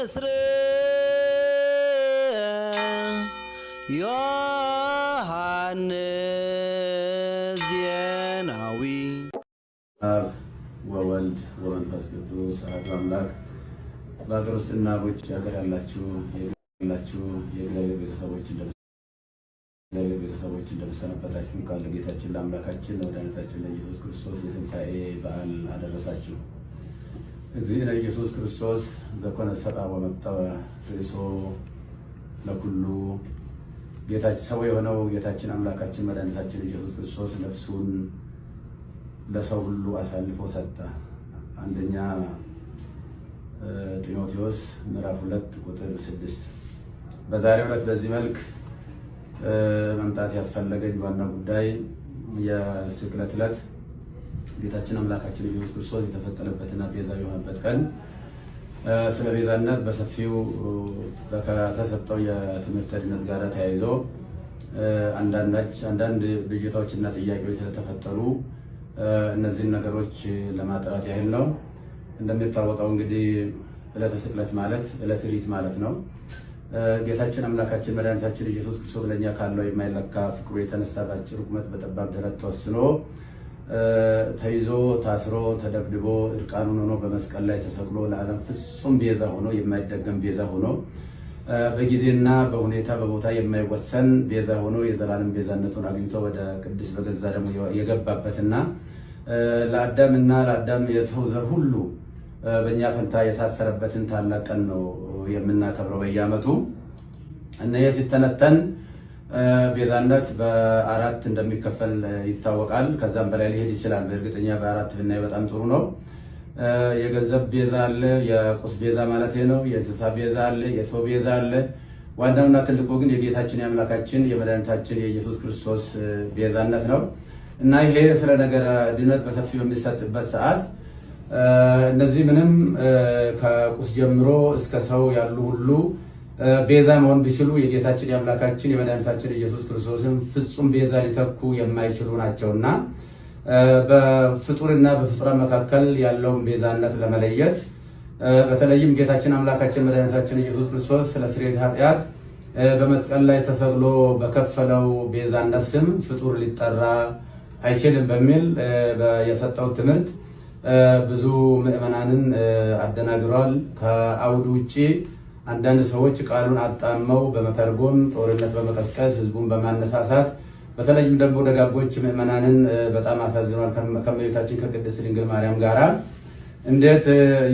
ንስር ዮሐንስ ዜናዊ አብ ወወልድ ወመንፈስ ቅዱስ አሐዱ አምላክ። በሀገር ውስጥና በውጭ ሀገር ያላችሁ ያላችሁ የእግዚአብሔር ቤተሰቦች እግዚአብሔር ቤተሰቦች እንደምሰነበታችሁ፣ ካለ ጌታችን ለአምላካችን ለመድኃኒታችን ለኢየሱስ ክርስቶስ የትንሣኤ በዓል አደረሳችሁ። እግዚእነ ኢየሱስ ክርስቶስ ዘኮነ ሰብአ ወመጠወ ርእሶ ለኩሉ ጌታችን ሰው የሆነው ጌታችን አምላካችን መድኃኒታችን ኢየሱስ ክርስቶስ ነፍሱን ለሰው ሁሉ አሳልፎ ሰጠ። አንደኛ ጢሞቴዎስ ምዕራፍ ሁለት ቁጥር ስድስት በዛሬው ዕለት በዚህ መልክ መምጣት ያስፈለገኝ ዋና ጉዳይ የስቅለት ዕለት ጌታችን አምላካችን ኢየሱስ ክርስቶስ የተሰቀለበትና ቤዛ የሆነበት ቀን ስለ ቤዛነት በሰፊው ከተሰጠው የትምህርት ድነት ጋር ተያይዞ አንዳንድ ብዥታዎችና ጥያቄዎች ስለተፈጠሩ እነዚህን ነገሮች ለማጥራት ያህል ነው። እንደሚታወቀው እንግዲህ ዕለተ ስቅለት ማለት ዕለተ ማለት ነው። ጌታችን አምላካችን መድኃኒታችን ኢየሱስ ክርስቶስ ለእኛ ካለው የማይለካ ፍቅሩ የተነሳ ባጭር ቁመት በጠባብ ደረት ተወስኖ ተይዞ ታስሮ ተደብድቦ እርቃኑን ሆኖ በመስቀል ላይ ተሰቅሎ ለዓለም ፍጹም ቤዛ ሆኖ የማይደገም ቤዛ ሆኖ በጊዜና በሁኔታ በቦታ የማይወሰን ቤዛ ሆኖ የዘላለም ቤዛነቱን አግኝቶ ወደ ቅድስት በገዛ ደግሞ የገባበትና ለአዳምና ለአዳም የሰው ዘር ሁሉ በእኛ ፈንታ የታሰረበትን ታላቅ ቀን ነው የምናከብረው በየዓመቱ እና ይህ ሲተነተን ቤዛነት በአራት እንደሚከፈል ይታወቃል። ከዛም በላይ ሊሄድ ይችላል። በእርግጠኛ በአራት ብናይ በጣም ጥሩ ነው። የገንዘብ ቤዛ አለ፣ የቁስ ቤዛ ማለት ነው። የእንስሳ ቤዛ አለ፣ የሰው ቤዛ አለ። ዋናውና ትልቁ ግን የጌታችን የአምላካችን የመድኃኒታችን የኢየሱስ ክርስቶስ ቤዛነት ነው እና ይሄ ስለ ነገረ ድነት በሰፊ በሚሰጥበት ሰዓት እነዚህ ምንም ከቁስ ጀምሮ እስከ ሰው ያሉ ሁሉ ቤዛ መሆን ቢችሉ የጌታችን የአምላካችን የመድኃኒታችን ኢየሱስ ክርስቶስን ፍጹም ቤዛ ሊተኩ የማይችሉ ናቸውና በፍጡርና በፍጡራ መካከል ያለውን ቤዛነት ለመለየት በተለይም ጌታችን አምላካችን መድኃኒታችን ኢየሱስ ክርስቶስ ስለ ስርየተ ኃጢአት በመስቀል ላይ ተሰቅሎ በከፈለው ቤዛነት ስም ፍጡር ሊጠራ አይችልም በሚል የሰጠው ትምህርት ብዙ ምዕመናንን አደናግሯል። ከአውዱ ውጭ አንዳንድ ሰዎች ቃሉን አጣመው በመተርጎም ጦርነት በመቀስቀስ ህዝቡን በማነሳሳት በተለይም ደግሞ ደጋጎች ምዕመናንን በጣም አሳዝኗል። ከመቤታችን ከቅድስት ድንግል ማርያም ጋራ እንዴት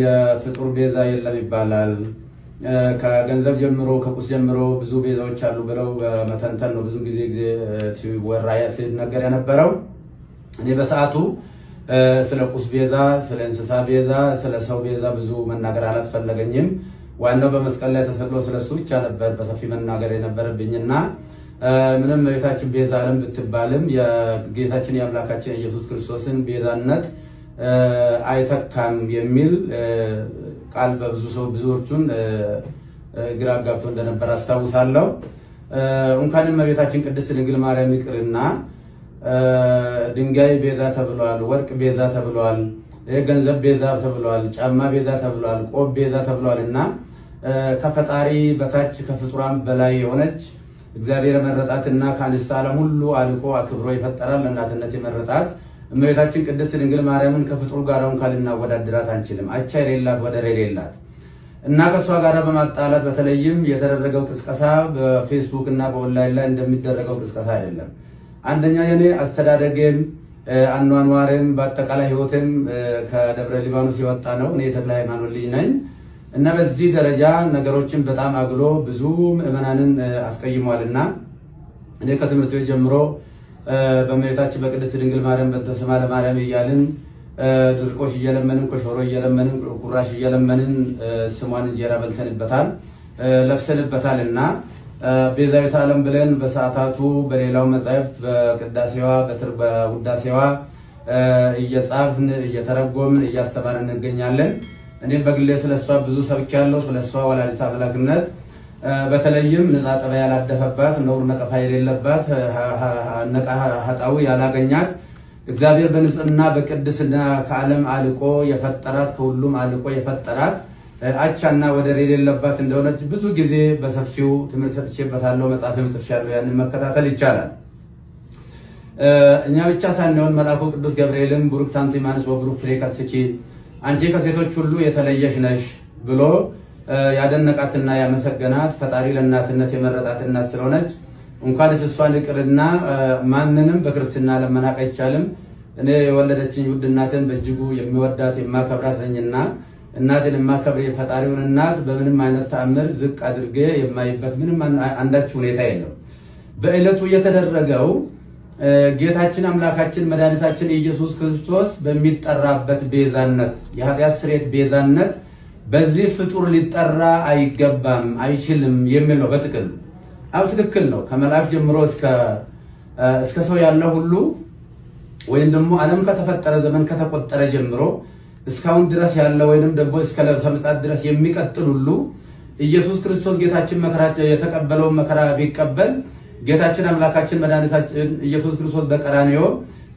የፍጡር ቤዛ የለም ይባላል? ከገንዘብ ጀምሮ ከቁስ ጀምሮ ብዙ ቤዛዎች አሉ ብለው በመተንተን ነው ብዙ ጊዜ ጊዜ ሲወራ ሲነገር የነበረው። እኔ በሰዓቱ ስለ ቁስ ቤዛ፣ ስለ እንስሳ ቤዛ፣ ስለ ሰው ቤዛ ብዙ መናገር አላስፈለገኝም። ዋናው በመስቀል ላይ ተሰቅሎ ስለሱ ብቻ ነበር በሰፊ መናገር የነበረብኝና ምንም እመቤታችን ቤዛ ዓለም ብትባልም የጌታችን የአምላካችን ኢየሱስ ክርስቶስን ቤዛነት አይተካም የሚል ቃል በብዙ ሰው ብዙዎቹን ግራ አጋብቶ እንደነበር አስታውሳለሁ። እንኳን እመቤታችን ቅድስት ድንግል ማርያም ይቅርና ድንጋይ ቤዛ ተብሏል፣ ወርቅ ቤዛ ተብሏል፣ ገንዘብ ቤዛ ተብሏል፣ ጫማ ቤዛ ተብሏል፣ ቆብ ቤዛ ተብሏል እና ከፈጣሪ በታች ከፍጡራን በላይ የሆነች እግዚአብሔር መረጣትና ከአንስት ዓለም ሁሉ አልቆ አክብሮ ይፈጠራል ለእናትነት የመረጣት እመቤታችን ቅድስት ድንግል ማርያምን ከፍጡሩ ጋራውን ካልናወዳድራት አንችልም። አቻ የሌላት ወደር የሌላት እና ከእሷ ጋር በማጣላት በተለይም የተደረገው ቅስቀሳ በፌስቡክ እና በኦንላይን ላይ እንደሚደረገው ቅስቀሳ አይደለም። አንደኛ የኔ አስተዳደጌም አኗኗሬም በአጠቃላይ ህይወቴም ከደብረ ሊባኖስ የወጣ ነው። እኔ የተክለ ሃይማኖት ልጅ ነኝ። እና በዚህ ደረጃ ነገሮችን በጣም አግሎ ብዙ ምዕመናንን አስቀይሟልና እኔ ከትምህርት ቤት ጀምሮ በመቤታችን በቅድስት ድንግል ማርያም በእንተ ስማ ለማርያም እያልን ድርቆሽ እየለመንን ኮሾሮ እየለመንን ቁራሽ እየለመንን ስሟን እንጀራ በልተንበታል ለብሰንበታል እና ቤዛዊት ዓለም ብለን በሰዓታቱ በሌላው መጻሕፍት በቅዳሴዋ በውዳሴዋ እየጻፍን እየተረጎምን እያስተማርን እንገኛለን። እኔም በግሌ ስለሷ ብዙ ሰብኬያለሁ። ስለሷ ወላዲተ አምላክነት በተለይም ንዛ ጠባ ያላደፈባት ነውር ነቀፋ የሌለባት ሀጣዊ ያላገኛት እግዚአብሔር በንጽህና በቅድስና ከዓለም አልቆ የፈጠራት ከሁሉም አልቆ የፈጠራት አቻና ወደር የሌለባት እንደሆነች ብዙ ጊዜ በሰፊው ትምህርት ሰጥቼበታለሁ። መጽሐፍ ጽፌያለሁ። ያንን መከታተል ይቻላል። እኛ ብቻ ሳንሆን መልአኩ ቅዱስ ገብርኤልም ቡሩክ ታንዚማንስ ወቡሩክ ፍሬ ከስኪ አንቺ ከሴቶች ሁሉ የተለየሽ ነሽ ብሎ ያደነቃትና ያመሰገናት ፈጣሪ ለእናትነት የመረጣት እናት ስለሆነች እንኳን እሷን ይቅርና ማንንም በክርስትና ለመናቅ አይቻልም። እኔ የወለደችኝ ውድ እናትን በእጅጉ የሚወዳት የማከብራት ነኝና እናትን የማከብር የፈጣሪውን እናት በምንም አይነት ተአምር ዝቅ አድርጌ የማይበት ምንም አንዳች ሁኔታ የለም። በዕለቱ የተደረገው ጌታችን አምላካችን መድኃኒታችን ኢየሱስ ክርስቶስ በሚጠራበት ቤዛነት የኃጢአት ስርየት ቤዛነት በዚህ ፍጡር ሊጠራ አይገባም አይችልም የሚል ነው። በጥቅል አብ ትክክል ነው። ከመልአክ ጀምሮ እስከ ሰው ያለ ሁሉ ወይም ደግሞ ዓለም ከተፈጠረ ዘመን ከተቆጠረ ጀምሮ እስካሁን ድረስ ያለ ወይም ደግሞ እስከ ለብሰ ምጽአት ድረስ የሚቀጥል ሁሉ ኢየሱስ ክርስቶስ ጌታችን የተቀበለውን መከራ ቢቀበል ጌታችን አምላካችን መድኃኒታችን ኢየሱስ ክርስቶስ በቀራንዮ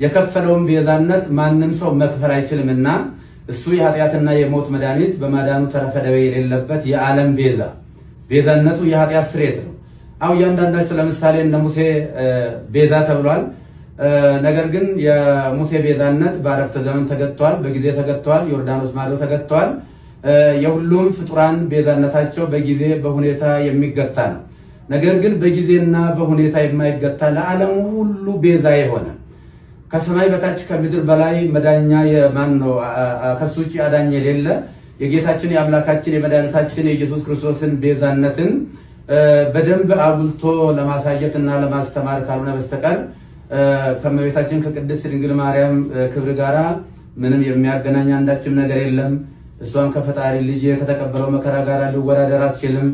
የከፈለውን ቤዛነት ማንም ሰው መክፈል አይችልምና እሱ የኃጢአትና የሞት መድኃኒት በማዳኑ ተረፈ ደዌ የሌለበት የዓለም ቤዛ ቤዛነቱ የኃጢአት ስርየት ነው። አሁ እያንዳንዳቸው ለምሳሌ እነ ሙሴ ቤዛ ተብሏል። ነገር ግን የሙሴ ቤዛነት በአረፍተ ዘመን ተገጥቷል፣ በጊዜ ተገጥቷል፣ ዮርዳኖስ ማዶ ተገጥቷል። የሁሉም ፍጡራን ቤዛነታቸው በጊዜ በሁኔታ የሚገታ ነው። ነገር ግን በጊዜና በሁኔታ የማይገታ ለዓለም ሁሉ ቤዛ የሆነ ከሰማይ በታች ከምድር በላይ መዳኛ የማን ነው? ከሱ ውጭ አዳኝ የሌለ የጌታችን የአምላካችን የመድኃኒታችን የኢየሱስ ክርስቶስን ቤዛነትን በደንብ አጉልቶ ለማሳየትና ለማስተማር ካልሆነ በስተቀር ከመቤታችን ከቅድስት ድንግል ማርያም ክብር ጋራ ምንም የሚያገናኝ አንዳችም ነገር የለም። እሷም ከፈጣሪ ልጅ ከተቀበለው መከራ ጋር ልወዳደር አትችልም።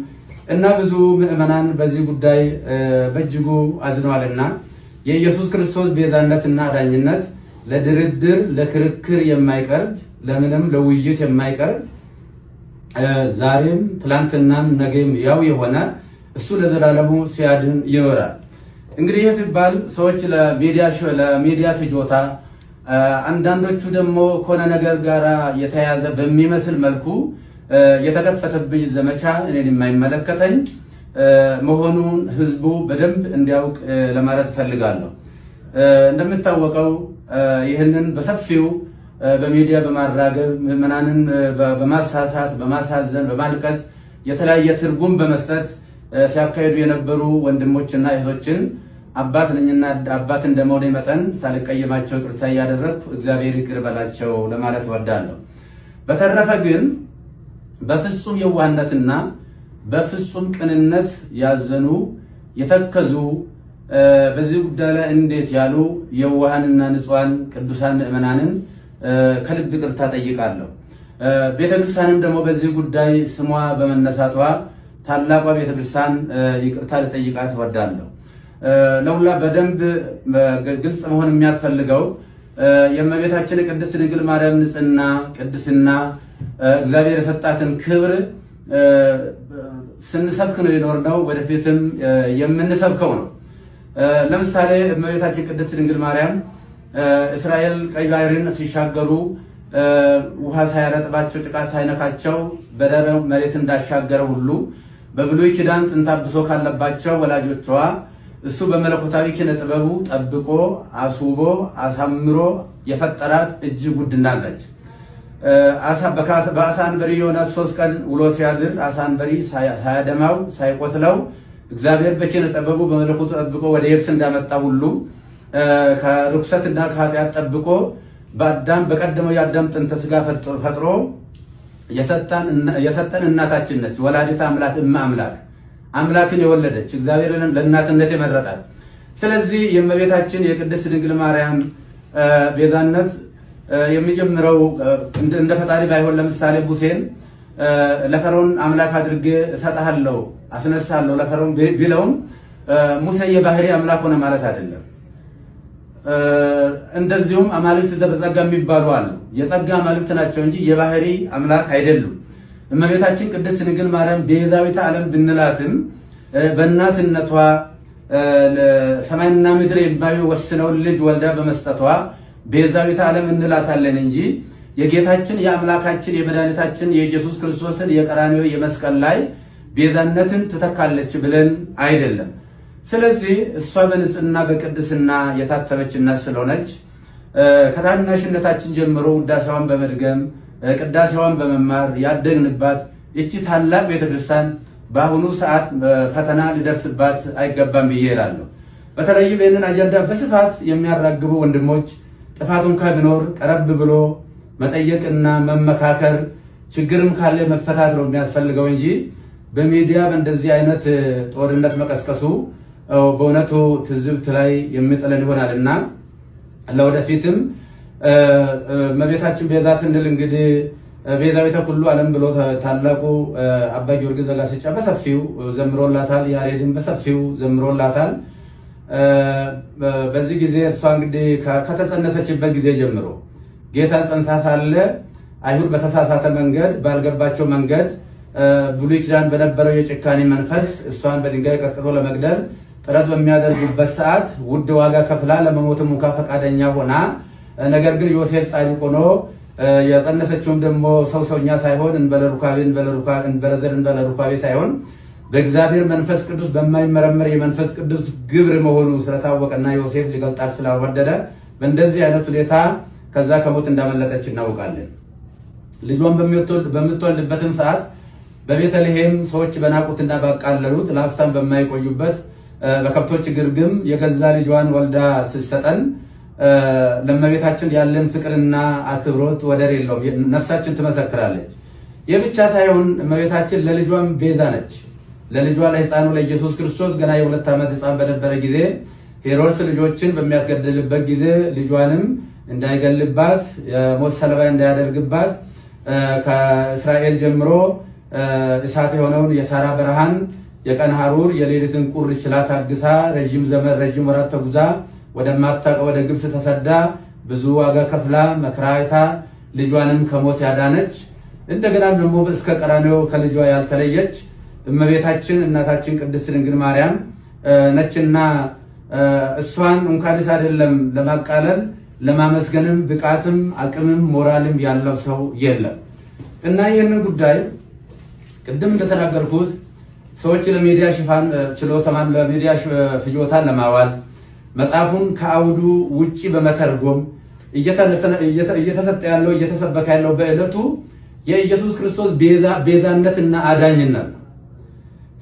እና ብዙ ምዕመናን በዚህ ጉዳይ በእጅጉ አዝነዋልና የኢየሱስ ክርስቶስ ቤዛነትና አዳኝነት ለድርድር ለክርክር የማይቀርብ ለምንም ለውይይት የማይቀርብ ዛሬም ትላንትናም ነገም ያው የሆነ እሱ ለዘላለሙ ሲያድን ይኖራል። እንግዲህ ይህ ሲባል ሰዎች ለሚዲያ ፍጆታ፣ አንዳንዶቹ ደግሞ ከሆነ ነገር ጋር የተያያዘ በሚመስል መልኩ የተከፈተብኝ ዘመቻ እኔን የማይመለከተኝ መሆኑን ህዝቡ በደንብ እንዲያውቅ ለማለት እፈልጋለሁ። እንደምታወቀው ይህንን በሰፊው በሚዲያ በማራገብ ምዕመናንን በማሳሳት በማሳዘን፣ በማልቀስ የተለያየ ትርጉም በመስጠት ሲያካሄዱ የነበሩ ወንድሞችና እህቶችን አባት ነኝና አባት እንደመሆኔ መጠን ሳልቀየማቸው ቅርታ እያደረግኩ እግዚአብሔር ይቅር በላቸው ለማለት እወዳለሁ። በተረፈ ግን በፍጹም የዋህነትና በፍጹም ቅንነት ያዘኑ የተከዙ በዚህ ጉዳይ ላይ እንዴት ያሉ የዋሃንና ንጹሃን ቅዱሳን ምዕመናንን ከልብ ቅርታ ጠይቃለሁ። ቤተክርስቲያንም ደግሞ በዚህ ጉዳይ ስሟ በመነሳቷ ታላቋ ቤተክርስቲያን ይቅርታ ልጠይቃት እወዳለሁ። ለሁላ በደንብ ግልጽ መሆን የሚያስፈልገው የእመቤታችን ቅድስት ድንግል ማርያም ንጽህና ቅድስና እግዚአብሔር የሰጣትን ክብር ስንሰብክ ነው የኖርነው፣ ወደፊትም የምንሰብከው ነው። ለምሳሌ እመቤታችን ቅድስት ድንግል ማርያም እስራኤል ቀይ ባህርን ሲሻገሩ ውሃ ሳያረጥባቸው ጭቃ ሳይነካቸው በደረ መሬት እንዳሻገረ ሁሉ በብሉይ ኪዳን ጥንተ አብሶ ካለባቸው ወላጆቿ እሱ በመለኮታዊ ኪነ ጥበቡ ጠብቆ አስውቦ አሳምሮ የፈጠራት እጅግ ውድ በሪ የሆነ ሶስት ቀን ውሎ ሲያድር አሳንበሪ ሳያደማው ሳይቆስለው እግዚአብሔር በኪነ ጥበቡ በመለኮቱ ጠብቆ ወደ የብስ እንዳመጣ ሁሉ እና ከኃጢአት ጠብቆ በአዳም በቀደመው የአዳም ጥንተ ስጋ ፈጥሮ የሰጠን እናታችን ነች። ወላዲት አምላክ እመ አምላክ አምላክን የወለደች እግዚአብሔር ለእናትነት የመረጣት። ስለዚህ የእመቤታችን የቅድስት ድንግል ማርያም ቤዛነት የሚጀምረው እንደ ፈጣሪ ባይሆን ለምሳሌ ሙሴን ለፈርዖን አምላክ አድርጌ እሰጥሃለሁ አስነሳለሁ ለፈርዖን ቢለውም ሙሴ የባህሪ አምላክ ሆነ ማለት አይደለም። እንደዚሁም አማልክት ዘበጸጋ የሚባሉ አሉ። የጸጋ አማልክት ናቸው እንጂ የባህሪ አምላክ አይደሉም። እመቤታችን ቅድስት ድንግል ማርያም ቤዛዊተ ዓለም ብንላትም በእናትነቷ ሰማይና ምድር የማይወስነውን ልጅ ወልዳ በመስጠቷ ቤዛዊት ዓለም እንላታለን እንጂ የጌታችን የአምላካችን የመድኃኒታችን የኢየሱስ ክርስቶስን የቀራንዮ የመስቀል ላይ ቤዛነትን ትተካለች ብለን አይደለም። ስለዚህ እሷ በንጽህና በቅድስና የታተመች ስለሆነች ከታናሽነታችን ጀምሮ ውዳሴዋን በመድገም ቅዳሴዋን በመማር ያደግንባት እቺ ታላቅ ቤተክርስቲያን በአሁኑ ሰዓት ፈተና ሊደርስባት አይገባም ብዬ እላለሁ። በተለይም ይህንን አጀንዳ በስፋት የሚያራግቡ ወንድሞች ጥፋት እንኳ ቢኖር ቀረብ ብሎ መጠየቅና መመካከር፣ ችግርም ካለ መፈታት ነው የሚያስፈልገው እንጂ በሚዲያ በእንደዚህ አይነት ጦርነት መቀስቀሱ በእውነቱ ትዝብት ላይ የሚጥለን ይሆናል እና ለወደፊትም መቤታችን ቤዛ ስንል እንግዲህ ቤዛዊተ ኩሉ ዓለም ብሎ ታላቁ አባ ጊዮርጊስ ዘጋስጫ በሰፊው ዘምሮላታል። ያሬድን በሰፊው ዘምሮላታል። በዚህ ጊዜ እሷ እንግዲህ ከተጸነሰችበት ጊዜ ጀምሮ ጌታ ጸንሳ ሳለ አይሁድ በተሳሳተ መንገድ ባልገባቸው መንገድ ብሉይ ኪዳን በነበረው የጭካኔ መንፈስ እሷን በድንጋይ ቀጥቅጦ ለመግደል ጥረት በሚያደርጉበት ሰዓት ውድ ዋጋ ከፍላ ለመሞት ሙካ ፈቃደኛ ሆና፣ ነገር ግን ዮሴፍ ጻድቅ ሆኖ የጸነሰችውም ደግሞ ሰው ሰውኛ ሳይሆን እንበለ ሩካቤ እንበለ ዘር እንበለ ሩካቤ ሳይሆን በእግዚአብሔር መንፈስ ቅዱስ በማይመረመር የመንፈስ ቅዱስ ግብር መሆኑ ስለታወቀና ዮሴፍ ሊገልጣት ስላልወደደ በእንደዚህ አይነት ሁኔታ ከዛ ከሞት እንዳመለጠች እናውቃለን። ልጇን በምትወልድበትም ሰዓት በቤተልሔም ሰዎች በናቁትና ባቃለሉት ላፍታን በማይቆዩበት በከብቶች ግርግም የገዛ ልጇን ወልዳ ስትሰጠን ለእመቤታችን ያለን ፍቅርና አክብሮት ወደር የለውም። ነፍሳችን ትመሰክራለች። ይህ ብቻ ሳይሆን እመቤታችን ለልጇም ቤዛ ነች። ለልጇ ለህፃኑ ለኢየሱስ ክርስቶስ ገና የሁለት ዓመት ህፃን በነበረ ጊዜ ሄሮድስ ልጆችን በሚያስገድልበት ጊዜ ልጇንም እንዳይገልባት የሞት ሰለባ እንዳያደርግባት ከእስራኤል ጀምሮ እሳት የሆነውን የሳራ በረሃን የቀን ሐሩር የሌሊትን ቁር ችላ ታግሳ ረዥም ዘመን ረዥም ወራት ተጉዛ ወደማታቀ ወደ ግብፅ ተሰዳ ብዙ ዋጋ ከፍላ መከራ ልጇንም ከሞት ያዳነች እንደገና ደግሞ እስከ ቀራንዮ ከልጇ ያልተለየች እመቤታችን እናታችን ቅድስት ድንግል ማርያም ነችና እሷን እንኳንስ አይደለም ለማቃለል ለማመስገንም ብቃትም አቅምም ሞራልም ያለው ሰው የለም። እና ይህንን ጉዳይ ቅድም እንደተናገርኩት ሰዎች ለሚዲያ ሽፋን ችሎታማን ለሚዲያ ፍጆታ ለማዋል መጽሐፉን ከአውዱ ውጪ በመተርጎም እየተሰጠ ያለው እየተሰበከ ያለው በዕለቱ የኢየሱስ ክርስቶስ ቤዛነትና አዳኝነት ነው።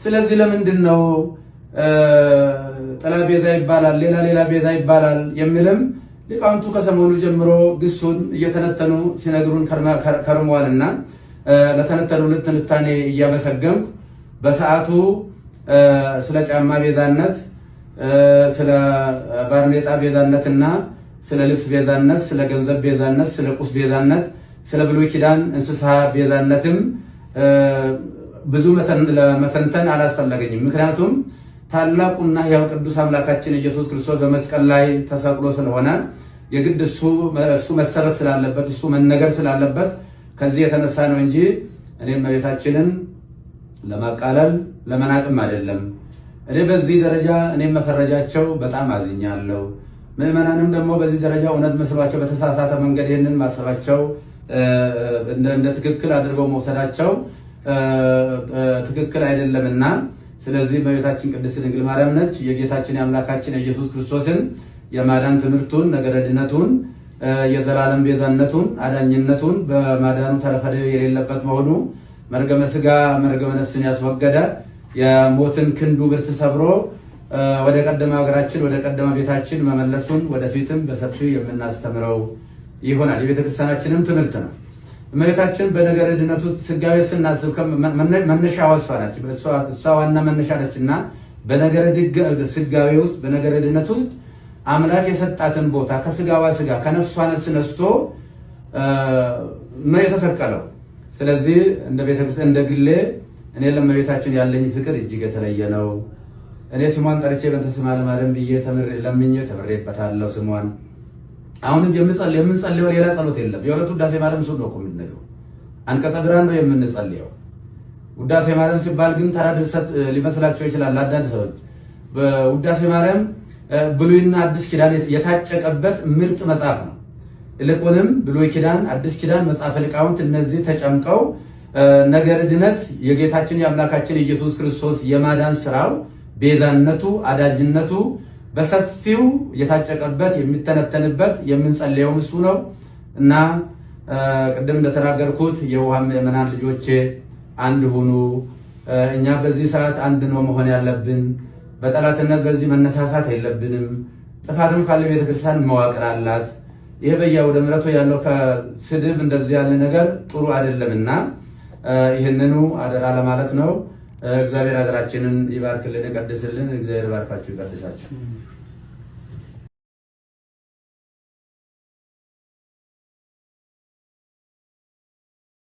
ስለዚህ ለምንድን ነው ጥላ ቤዛ ይባላል፣ ሌላ ሌላ ቤዛ ይባላል የሚልም ሊቃውንቱ ከሰሞኑ ጀምሮ ግሱን እየተነተኑ ሲነግሩን ከርመዋልና ለተነተኑ ልትንታኔ እያመሰገንኩ በሰዓቱ ስለ ጫማ ቤዛነት፣ ስለ ባርኔጣ ቤዛነትና ስለ ልብስ ቤዛነት፣ ስለ ገንዘብ ቤዛነት፣ ስለ ቁስ ቤዛነት፣ ስለ ብሉይ ኪዳን እንስሳ ቤዛነትም ብዙ መተንተን አላስፈለገኝም። ምክንያቱም ታላቁና ያው ቅዱስ አምላካችን ኢየሱስ ክርስቶስ በመስቀል ላይ ተሰቅሎ ስለሆነ የግድ እሱ እሱ መሰረት ስላለበት እሱ መነገር ስላለበት ከዚህ የተነሳ ነው እንጂ እኔ እመቤታችንን ለማቃለል ለመናቅም አይደለም። እኔ በዚህ ደረጃ እኔ መፈረጃቸው በጣም አዝኛለሁ። ምእመናንም ደግሞ በዚህ ደረጃ እውነት መስሏቸው በተሳሳተ መንገድ ይህንን ማሰባቸው እንደ ትክክል አድርገው መውሰዳቸው ትክክል አይደለምና ስለዚህ በቤታችን ቅድስት ድንግል ማርያም ነች የጌታችን የአምላካችን የኢየሱስ ክርስቶስን የማዳን ትምህርቱን ነገረድነቱን የዘላለም ቤዛነቱን አዳኝነቱን በማዳኑ ተረፈደ የሌለበት መሆኑ መርገመ ስጋ መርገመ ነፍስን ያስወገደ የሞትን ክንዱ ብርት ሰብሮ ወደ ቀደመ ሀገራችን ወደ ቀደመ ቤታችን መመለሱን ወደፊትም በሰፊው የምናስተምረው ይሆናል። የቤተክርስቲያናችንም ትምህርት ነው። እመቤታችን በነገረ ድነት ውስጥ ስጋዊ ስናስብ መነሻ ዋሷ ናች። እሷ ዋና መነሻ ነች እና በነገረ ስጋዊ ውስጥ በነገረ ድነት ውስጥ አምላክ የሰጣትን ቦታ ከስጋዋ ስጋ ከነፍሷ ነፍስ ነስቶ ነው የተሰቀለው። ስለዚህ እንደ ቤተክርስቲያን እንደ ግሌ እኔ ለእመቤታችን ያለኝ ፍቅር እጅግ የተለየ ነው። እኔ ስሟን ጠርቼ በእንተ ስማ ለማርያም ብዬ ለምኜ ተምሬበታለሁ ስሟን አሁንም የምንጸል የምንጸልየው ሌላ ጸሎት የለም። የሁለቱ ውዳሴ ማርያም እሱን ነው እኮ የምንለው። አንቀጸ ብርሃን ነው የምንጸልየው። ውዳሴ ማርያም ሲባል ግን ተራ ድርሰት ሊመስላቸው ይችላል አንዳንድ ሰዎች። ውዳሴ ማርያም ብሉይና አዲስ ኪዳን የታጨቀበት ምርጥ መጽሐፍ ነው። ይልቁንም ብሉይ ኪዳን፣ አዲስ ኪዳን፣ መጽሐፈ ሊቃውንት እነዚህ ተጨምቀው ነገረ ድነት የጌታችን የአምላካችን ኢየሱስ ክርስቶስ የማዳን ስራው ቤዛነቱ፣ አዳጅነቱ በሰፊው እየታጨቀበት የሚተነተንበት የምንጸለየውም እሱ ነው እና ቅድም እንደተናገርኩት የውሃ ምዕመናን ልጆቼ አንድ ሁኑ። እኛ በዚህ ሰዓት አንድ ነው መሆን ያለብን። በጠላትነት በዚህ መነሳሳት የለብንም። ጥፋትም ካለ ቤተክርስቲያን መዋቅር አላት። ይህ በየአውደ ምሕረቱ ያለው ከስድብ እንደዚህ ያለ ነገር ጥሩ አይደለምና ይህንኑ አደራ ለማለት ነው። እግዚአብሔር ሀገራችንን ይባርክልን፣ ይቀድስልን። እግዚአብሔር ባርካችሁ ይቀድሳችሁ።